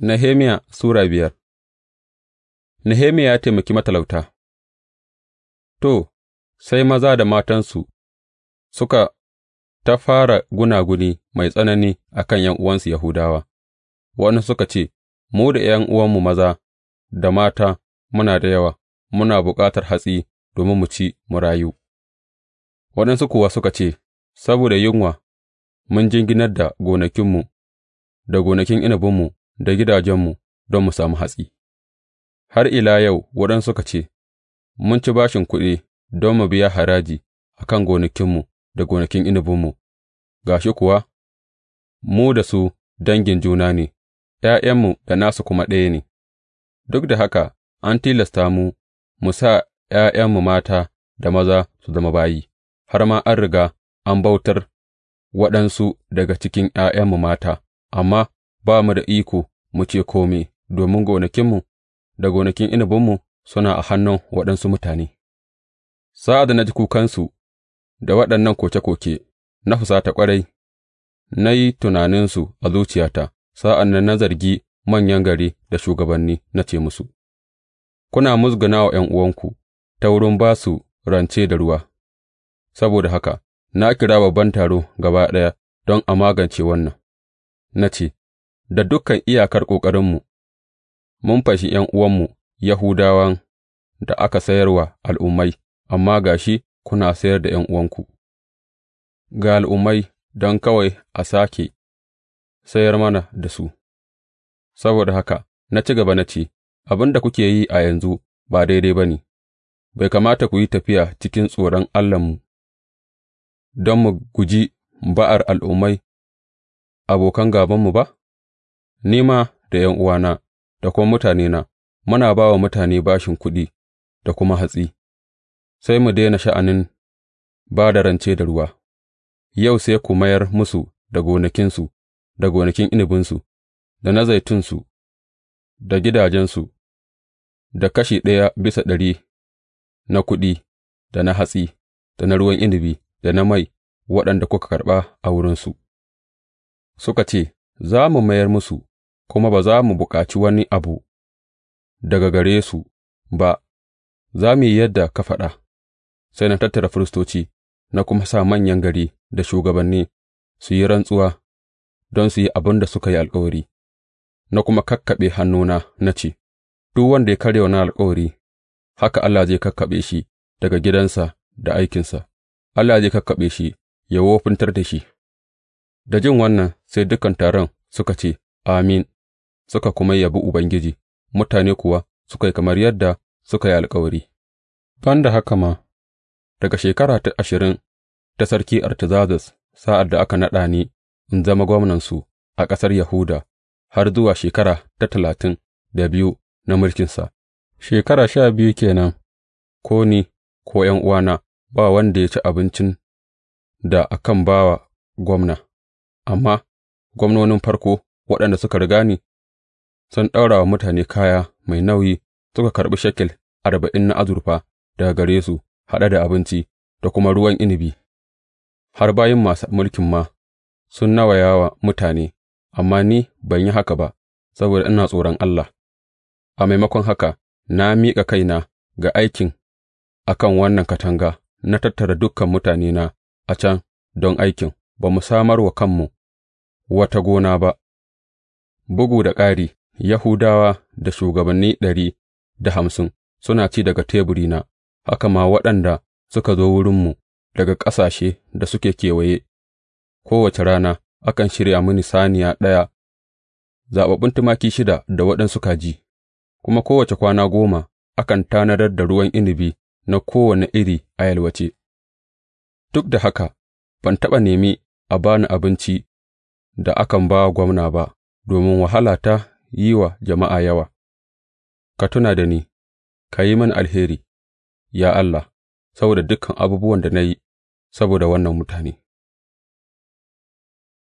Nehemiya Sura biyar Nehemiya ya taimaki matalauta To, sai maza da matansu suka ta fara gunaguni mai tsanani a kan ’yan'uwansu Yahudawa, wani suka ce, Mu da ’yan'uwanmu maza da mata muna da yawa, muna buƙatar hatsi domin mu ci mu rayu, waɗansu kuwa suka ce, Saboda yunwa mun jinginar da gonakinmu da gonakin inabinmu. da gidajenmu don mu sami hatsi, har ila yau waɗansu suka ce, Mun ci bashin kuɗi don mu biya haraji a kan gonakinmu da gonakin inabinmu, ga shi kuwa, mu da su dangin juna ne, ’ya'yanmu da nasu kuma ɗaya ne, duk da haka an tilasta mu mu sa ’ya'yanmu mata da maza su zama bayi, har ma an riga an bautar waɗansu daga cikin ’ya'yanmu mata, amma ba mu da iko mu ce kome, domin gonakinmu da gonakin inabinmu suna a hannun waɗansu mutane. Sa'ad da na ji kukansu da waɗannan koke-koke, na fusata ƙwarai, na yi tunaninsu a zuciyata, sa'an nan na zargi manyan gari da shugabanni na ce musu, Kuna musguna wa uwanku ta wurin ba su rance da ruwa, saboda haka na kira babban taro gaba ɗaya don a magance wannan, na ce, da dukan iyakar ƙoƙarinmu, mun fashi ’yan'uwanmu Yahudawan da aka sayar wa al'ummai, amma ga shi kuna sayar da ’yan'uwanku ga al'ummai don kawai a sake sayar mana da su, saboda haka na ci gaba na ce, Abin da kuke yi a yanzu ba daidai ba ne, bai kamata ku yi tafiya cikin tsoron Allahnmu don mu guji ba'ar al'ummai abokan gābanmu ba? ni ma da ’yan'uwana da kuma mutanena muna ba wa mutane bashin kuɗi da kuma hatsi, sai mu daina sha'anin ba da rance da ruwa, yau sai ku mayar musu da gonakinsu, da gonakin inibinsu da na zaitunsu, da gidajensu, da kashi ɗaya bisa ɗari na kuɗi, da na hatsi, da na ruwan inibi da na mai waɗanda kuka karɓa a wurinsu. Suka ce, Za mu mayar musu kuma ba za mu bukaci wani abu daga gare su ba, za mu yi yadda ka faɗa. Sai na tattara firistoci, na kuma sa manyan gari da shugabanni su yi rantsuwa don su yi abin da suka yi alkawari, na kuma kakkaɓe hannuna na ce, Duk wanda ya karya na alkawari, haka Allah zai kakkaɓe shi daga gidansa da aikinsa, Allah zai kakkaɓe shi ya wofintar da shi. Da jin wannan sai dukan taron suka ce, Amin. suka kuma yabi Ubangiji, mutane kuwa suka yi kamar yadda suka yi alkawari. Ban da haka ma, daga shekara ta ashirin ta sarki Artazazus sa'ad da aka naɗa ni in zama gwamnansu a ƙasar Yahuda, har zuwa shekara ta talatin da biyu na mulkinsa, shekara sha biyu kenan, ko ni, ko ’yan uwana, ba wanda ya ci abincin da akan ba wa gwamna, amma gwamnonin farko waɗanda suka riga ni sun ɗaura wa mutane kaya mai nauyi suka karɓi shekel arba'in na azurfa daga gare su haɗe da abinci da kuma ruwan inibi. har bayin masu mulkin ma sun nawaya wa mutane, amma ni ban yi haka ba, saboda ina tsoron Allah, a maimakon haka na miƙa kaina ga aikin a kan wannan katanga, na tattara dukkan mutanena a can don aikin, ba mu samar wa kanmu wata gona ba, bugu da ƙari, Yahudawa da shugabanni ɗari da hamsin suna ci daga teburina, haka ma waɗanda suka zo wurinmu daga ƙasashe da suke kewaye, kowace rana akan shirya mini saniya ɗaya, zaɓaɓɓun tumaki shida da waɗansu kaji, kuma kowace kwana goma akan tanadar da ruwan inibi na kowane iri a yalwace. Duk da haka, ban taɓa nemi a bani abinci da akan ba gwamna ba, domin wahalata yi wa jama'a yawa, ka tuna da ni, ka yi mini alheri, ya Allah, saboda dukan abubuwan da na yi saboda wannan mutane.